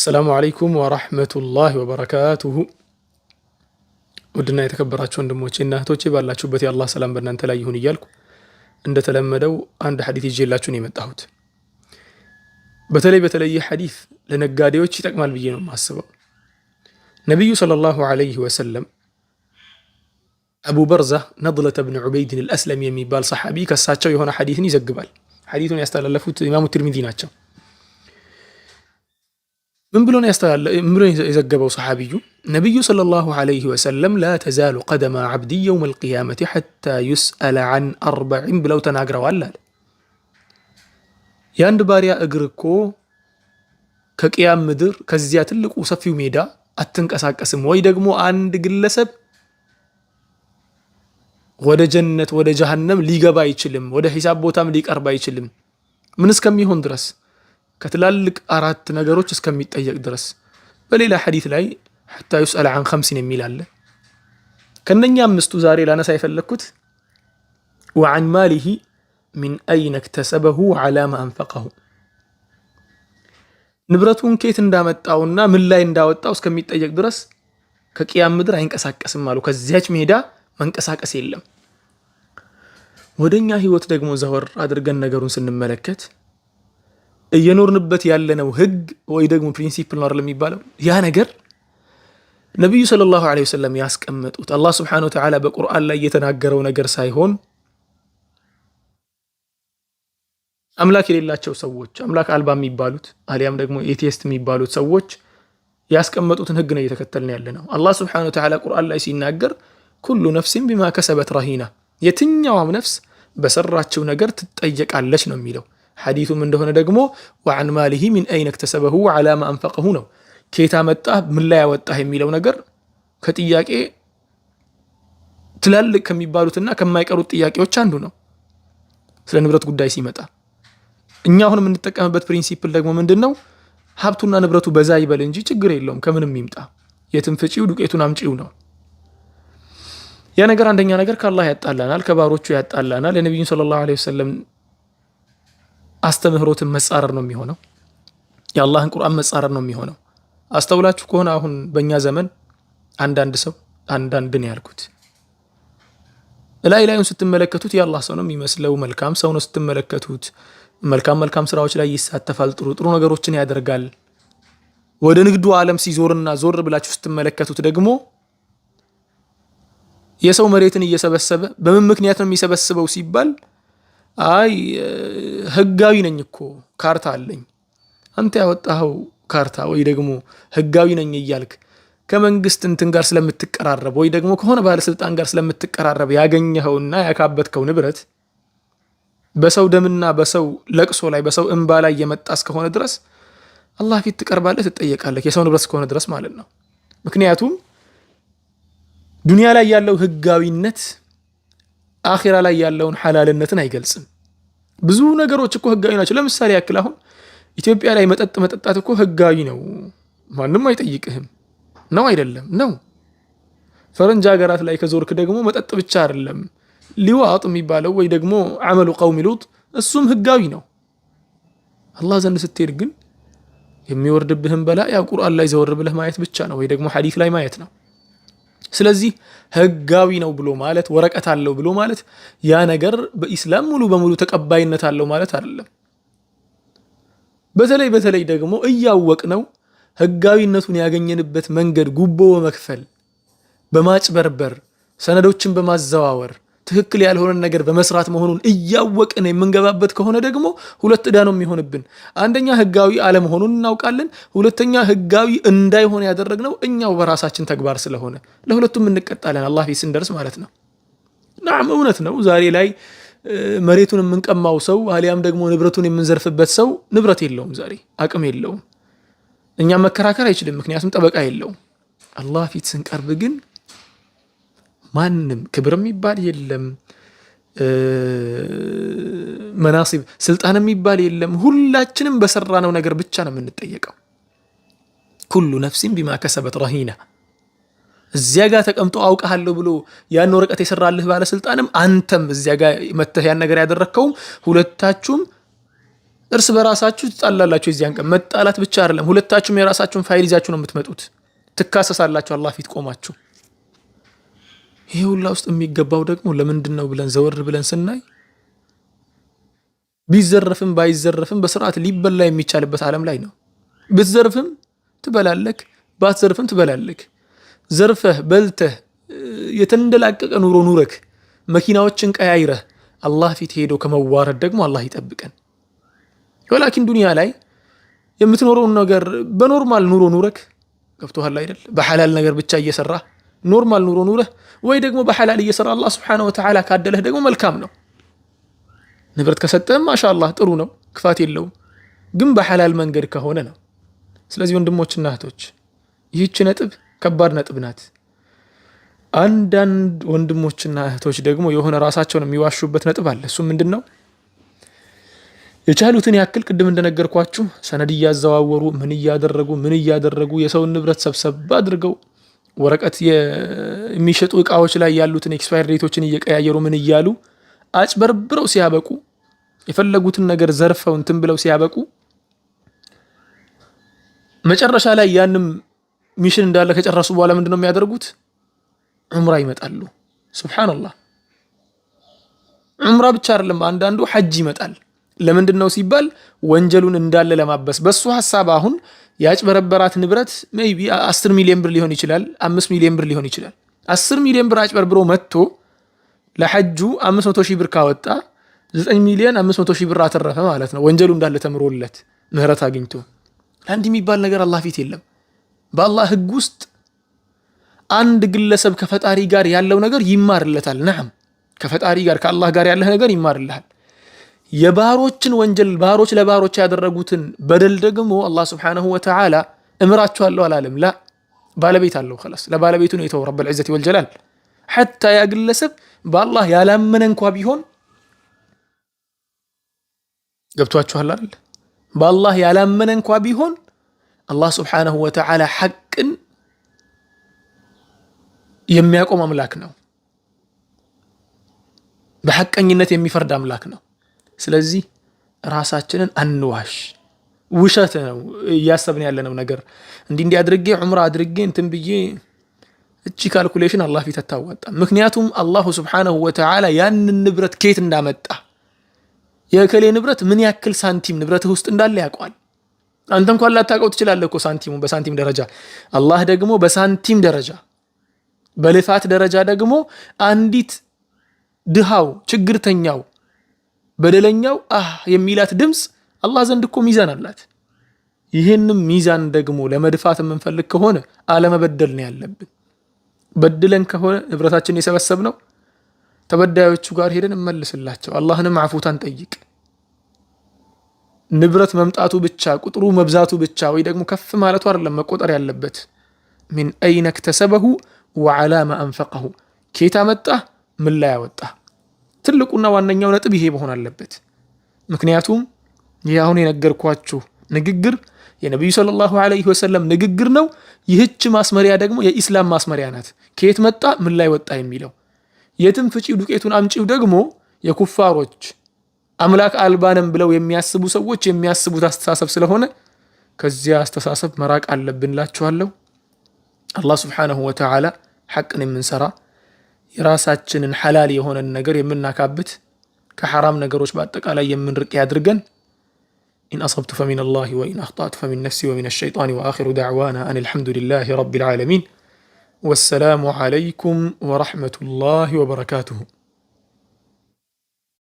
አሰላሙ አለይኩም ወራህመቱላህ ወበረካቱሁ። ውድና የተከበራችሁ ወንድሞቼና እህቶቼ ባላችሁበት የአላህ ሰላም በእናንተ ላይ ይሁን እያልኩ እንደተለመደው አንድ ሐዲት ይዤላችሁን የመጣሁት በተለይ በተለየ ሐዲት ለነጋዴዎች ይጠቅማል ብዬ ነው የማስበው። ነቢዩ ሰለላሁ አለይህ ወሰለም አቡ በርዛ ነድለተ ብን ዑበይድን አልአስለም የሚባል ሰሓቢ ከሳቸው የሆነ ሐዲትን ይዘግባል። ሐዲቱን ያስተላለፉት ኢማሙ ትርሚዚ ናቸው። ምን ብሎ ብሎ የዘገበው ሰሓቢዩ ነቢዩ ሰለላሁ ዐለይሂ ወሰለም ላ ተዛሉ ቀደማ ዓብዲ የውም አልቅያመቲ ሐታ ዩስአለ ዐን አርበዒን ብለው ተናግረዋል አለ። የአንድ ባሪያ እግር እኮ ከቅያም ምድር ከዚያ ትልቁ ሰፊው ሜዳ አትንቀሳቀስም። ወይ ደግሞ አንድ ግለሰብ ወደ ጀነት ወደ ጀሃነም ሊገባ አይችልም። ወደ ሒሳብ ቦታም ሊቀርብ አይችልም። ምን እስከሚሆን ድረስ ከትላልቅ አራት ነገሮች እስከሚጠየቅ ድረስ በሌላ ሐዲት ላይ ሐታ ዩስአል አን ከምሲን የሚል አለ። ከነኛ አምስቱ ዛሬ ላነሳ የፈለግኩት ወአን ማሊሂ ሚን አይነ ክተሰበሁ ዓላማ አንፈቀሁ ንብረቱን ኬት እንዳመጣውና ምን ላይ እንዳወጣው እስከሚጠየቅ ድረስ ከቅያም ምድር አይንቀሳቀስም አሉ። ከዚያች ሜዳ መንቀሳቀስ የለም። ወደኛ ህይወት ደግሞ ዘወር አድርገን ነገሩን ስንመለከት እየኖርንበት ያለነው ህግ ወይ ደግሞ ፕሪንሲፕል ነው አይደል የሚባለው ያ ነገር ነቢዩ ሰለላሁ ዐለይሂ ወሰለም ያስቀመጡት አላህ ስብሐነሁ ወተዓላ በቁርአን ላይ የተናገረው ነገር ሳይሆን አምላክ የሌላቸው ሰዎች አምላክ አልባ የሚባሉት አሊያም ደግሞ ኤቲስት የሚባሉት ሰዎች ያስቀመጡትን ህግ ነው እየተከተልን ያለ ነው። አላህ ስብሐነሁ ወተዓላ ቁርአን ላይ ሲናገር ኩሉ ነፍሲን ቢማ ከሰበት ረሂና፣ የትኛዋም ነፍስ በሰራችው ነገር ትጠየቃለች ነው የሚለው። ሐዲሱም እንደሆነ ደግሞ ወዐን ማሊሂ ሚን አይነ እክተሰበሁ ወዐላማ አንፈቀሁ ነው። ኬታ መጣህ ምን ላይ ያወጣህ የሚለው ነገር ከጥያቄ ትላልቅ ከሚባሉትና ከማይቀሩት ጥያቄዎች አንዱ ነው። ስለ ንብረት ጉዳይ ሲመጣ እኛ አሁን የምንጠቀምበት ፕሪንሲፕል ደግሞ ምንድን ነው? ሀብቱና ንብረቱ በዛ ይበል እንጂ ችግር የለውም ከምንም ይምጣ፣ የትም ፍጪው ዱቄቱን አምጪው ነው። ያ ነገር አንደኛ ነገር ከአላህ ያጣላናል፣ ከባሮቹ ያጣላናል። የነቢዩን ሰለላሁ ዐለይሂ ወሰለም አስተምህሮትን መጻረር ነው የሚሆነው። የአላህን ቁርአን መጻረር ነው የሚሆነው። አስተውላችሁ ከሆነ አሁን በእኛ ዘመን አንዳንድ ሰው አንዳንድ ያልኩት እላይ ላዩን ስትመለከቱት የአላህ ሰው ነው የሚመስለው፣ መልካም ሰው ነው ስትመለከቱት፣ መልካም መልካም ስራዎች ላይ ይሳተፋል፣ ጥሩ ጥሩ ነገሮችን ያደርጋል። ወደ ንግዱ ዓለም ሲዞርና ዞር ብላችሁ ስትመለከቱት ደግሞ የሰው መሬትን እየሰበሰበ በምን ምክንያት ነው የሚሰበስበው ሲባል አይ ህጋዊ ነኝ እኮ ካርታ አለኝ። አንተ ያወጣኸው ካርታ ወይ ደግሞ ህጋዊ ነኝ እያልክ ከመንግስት እንትን ጋር ስለምትቀራረብ ወይ ደግሞ ከሆነ ባለስልጣን ጋር ስለምትቀራረብ ያገኘኸውና ያካበትከው ንብረት በሰው ደምና በሰው ለቅሶ ላይ በሰው እንባ ላይ የመጣ እስከሆነ ድረስ አላህ ፊት ትቀርባለህ፣ ትጠየቃለህ። የሰው ንብረት እስከሆነ ድረስ ማለት ነው። ምክንያቱም ዱንያ ላይ ያለው ህጋዊነት አኺራ ላይ ያለውን ሐላልነትን አይገልጽም። ብዙ ነገሮች እኮ ህጋዊ ናቸው። ለምሳሌ ያክል አሁን ኢትዮጵያ ላይ መጠጥ መጠጣት እኮ ህጋዊ ነው፣ ማንም አይጠይቅህም። ነው አይደለም? ነው። ፈረንጅ ሀገራት ላይ ከዞርክ ደግሞ መጠጥ ብቻ አይደለም ሊዋጥ የሚባለው ወይ ደግሞ አመሉ ቀውሚ ሉጥ እሱም ህጋዊ ነው። አላህ ዘንድ ስትሄድ ግን የሚወርድብህን በላ ያው ቁርአን ላይ ዘወር ብለህ ማየት ብቻ ነው፣ ወይ ደግሞ ሐዲት ላይ ማየት ነው። ስለዚህ ህጋዊ ነው ብሎ ማለት ወረቀት አለው ብሎ ማለት ያ ነገር በኢስላም ሙሉ በሙሉ ተቀባይነት አለው ማለት አይደለም። በተለይ በተለይ ደግሞ እያወቅ ነው ህጋዊነቱን ያገኘንበት መንገድ ጉቦ በመክፈል በማጭበርበር ሰነዶችን በማዘዋወር ትክክል ያልሆነን ነገር በመስራት መሆኑን እያወቅን የምንገባበት ከሆነ ደግሞ ሁለት ዕዳ ነው የሚሆንብን። አንደኛ ህጋዊ አለመሆኑን እናውቃለን። ሁለተኛ ህጋዊ እንዳይሆነ ያደረግነው እኛው በራሳችን ተግባር ስለሆነ ለሁለቱም እንቀጣለን። አላህ ፊት ስንደርስ ማለት ነው። ናም እውነት ነው። ዛሬ ላይ መሬቱን የምንቀማው ሰው አሊያም ደግሞ ንብረቱን የምንዘርፍበት ሰው ንብረት የለውም፣ ዛሬ አቅም የለውም። እኛም መከራከር አይችልም፣ ምክንያቱም ጠበቃ የለውም። አላህ ፊት ስንቀርብ ግን ማንም ክብር የሚባል የለም፣ መናሲብ ስልጣን የሚባል የለም። ሁላችንም በሰራነው ነገር ብቻ ነው የምንጠየቀው። ኩሉ ነፍሲን ቢማ ከሰበት ረሂና። እዚያ ጋር ተቀምጦ አውቀሃለሁ ብሎ ያን ወረቀት የሰራልህ ባለስልጣንም አንተም እዚያ ጋር መተህ ያን ነገር ያደረግከውም ሁለታችሁም እርስ በራሳችሁ ትጣላላችሁ። እዚያን ቀን መጣላት ብቻ አይደለም፣ ሁለታችሁም የራሳችሁን ፋይል ይዛችሁ ነው የምትመጡት። ትካሰሳላችሁ አላህ ፊት ቆማችሁ ይሄ ሁላ ውስጥ የሚገባው ደግሞ ለምንድን ነው ብለን ዘወር ብለን ስናይ ቢዘረፍም ባይዘረፍም በስርዓት ሊበላ የሚቻልበት ዓለም ላይ ነው። ብትዘርፍም ትበላለክ፣ ባትዘርፍም ትበላለክ። ዘርፈህ በልተህ የተንደላቀቀ ኑሮ ኑረክ መኪናዎችን ቀያይረህ አላህ ፊት ሄዶ ከመዋረድ ደግሞ አላህ ይጠብቀን። ወላኪን ዱንያ ላይ የምትኖረውን ነገር በኖርማል ኑሮ ኑረክ ገብቶሃል አይደል? በሐላል ነገር ብቻ እየሰራህ ኖርማል ኑሮ ኑረህ ወይ ደግሞ በሐላል እየሰራ አላህ ስብሐነሁ ወተዓላ ካደለህ ደግሞ መልካም ነው። ንብረት ከሰጠህም ማሻአላህ ጥሩ ነው፣ ክፋት የለውም። ግን በሐላል መንገድ ከሆነ ነው። ስለዚህ ወንድሞችና እህቶች ይህች ነጥብ ከባድ ነጥብ ናት። አንዳንድ ወንድሞችና እህቶች ደግሞ የሆነ ራሳቸውን የሚዋሹበት ነጥብ አለ። እሱ ምንድን ነው? የቻሉትን ያክል ቅድም እንደነገርኳችሁ ሰነድ እያዘዋወሩ ምን እያደረጉ ምን እያደረጉ የሰውን ንብረት ሰብሰብ አድርገው ወረቀት የሚሸጡ እቃዎች ላይ ያሉትን ኤክስፓየር ዴቶችን እየቀያየሩ ምን እያሉ አጭበርብረው ሲያበቁ የፈለጉትን ነገር ዘርፈው እንትን ብለው ሲያበቁ መጨረሻ ላይ ያንም ሚሽን እንዳለ ከጨረሱ በኋላ ምንድነው የሚያደርጉት? ዑምራ ይመጣሉ። ሱብሓነላህ። ዑምራ ብቻ አይደለም፣ አንዳንዱ ሐጅ ይመጣል። ለምንድን ነው ሲባል ወንጀሉን እንዳለ ለማበስ በሱ ሀሳብ አሁን ያጭበረበራት ንብረት ሜይ ቢ አስር ሚሊዮን ብር ሊሆን ይችላል፣ አምስት ሚሊዮን ብር ሊሆን ይችላል። አስር ሚሊዮን ብር አጭበርብሮ መጥቶ ለሐጁ አምስት መቶ ሺህ ብር ካወጣ ዘጠኝ ሚሊዮን አምስት መቶ ሺህ ብር አተረፈ ማለት ነው። ወንጀሉ እንዳለ ተምሮለት ምህረት አግኝቶ አንድ የሚባል ነገር አላህ ፊት የለም። በአላህ ህግ ውስጥ አንድ ግለሰብ ከፈጣሪ ጋር ያለው ነገር ይማርለታል። ናም ከፈጣሪ ጋር ከአላህ ጋር ያለህ ነገር ይማርልሃል። የባሮችን ወንጀል ባሮች ለባሮች ያደረጉትን በደል ደግሞ አላህ ስብሓነሁ ወተዓላ እምራችኋለሁ አላለም። ላ ባለቤት አለው ላስ ለባለቤቱ ነው የተው ረብል ዒዘቲ ወልጀላል። ሐታ ያ ግለሰብ በአላህ ያላመነ እንኳ ቢሆን ገብቷችኋል አይደል? በአላህ ያላመነ እንኳ ቢሆን አላህ ስብሓነሁ ወተዓላ ሐቅን የሚያቆም አምላክ ነው። በሐቀኝነት የሚፈርድ አምላክ ነው። ስለዚህ ራሳችንን አንዋሽ። ውሸት ነው እያሰብን ያለነው ነገር። እንዲህ እንዲህ አድርጌ ዑምራ አድርጌ እንትን ብዬ እቺ ካልኩሌሽን አላህ ፊት አታዋጣ። ምክንያቱም አላሁ ስብሓነሁ ወተዓላ ያንን ንብረት ኬት እንዳመጣ የእከሌ ንብረት ምን ያክል ሳንቲም ንብረትህ ውስጥ እንዳለ ያውቋል። አንተ እንኳን ላታውቀው ትችላለህ እኮ ሳንቲሙ በሳንቲም ደረጃ። አላህ ደግሞ በሳንቲም ደረጃ በልፋት ደረጃ ደግሞ አንዲት ድሃው ችግርተኛው በደለኛው አህ የሚላት ድምፅ አላህ ዘንድ እኮ ሚዛን አላት። ይህንም ሚዛን ደግሞ ለመድፋት የምንፈልግ ከሆነ አለመበደል ነው ያለብን። በድለን ከሆነ ንብረታችን ነው ተበዳዮቹ ጋር ሄደን እመልስላቸው፣ አላህንም አፉታን ጠይቅ። ንብረት መምጣቱ ብቻ ቁጥሩ መብዛቱ ብቻ ወይ ደግሞ ከፍ ማለቱ አይደለም መቆጠር ያለበት። ሚን አይነ ክተሰበሁ ወዓላማ አንፈቀሁ፣ ኬታ መጣ ምን ላይ ያወጣ ትልቁና ዋነኛው ነጥብ ይሄ መሆን አለበት። ምክንያቱም ይህ አሁን የነገርኳችሁ ንግግር የነቢዩ ሰለላሁ ዐለይሂ ወሰለም ንግግር ነው። ይህች ማስመሪያ ደግሞ የኢስላም ማስመሪያ ናት። ከየት መጣ ምን ላይ ወጣ የሚለው የትም ፍጪው ዱቄቱን አምጪው ደግሞ የኩፋሮች አምላክ አልባንም ብለው የሚያስቡ ሰዎች የሚያስቡት አስተሳሰብ ስለሆነ ከዚያ አስተሳሰብ መራቅ አለብን ላችኋለሁ። አላህ ሱብሓነሁ ወተዓላ ሐቅን የምንሰራ የራሳችንን ሐላል የሆነን ነገር የምናካብት ከሐራም ነገሮች በአጠቃላይ የምንርቅ ያድርገን። ኢን አሰብቱ ፈሚን አላህ ወኢን አኽጣቱ ፈሚን ነፍሲ ወሚን አሸይጣን ወአኺሩ ዳዕዋና አን አልሐምዱሊላህ ረቢል ዓለሚን ወሰላሙ ዓለይኩም ወረሕመቱላህ ወበረካቱሁ።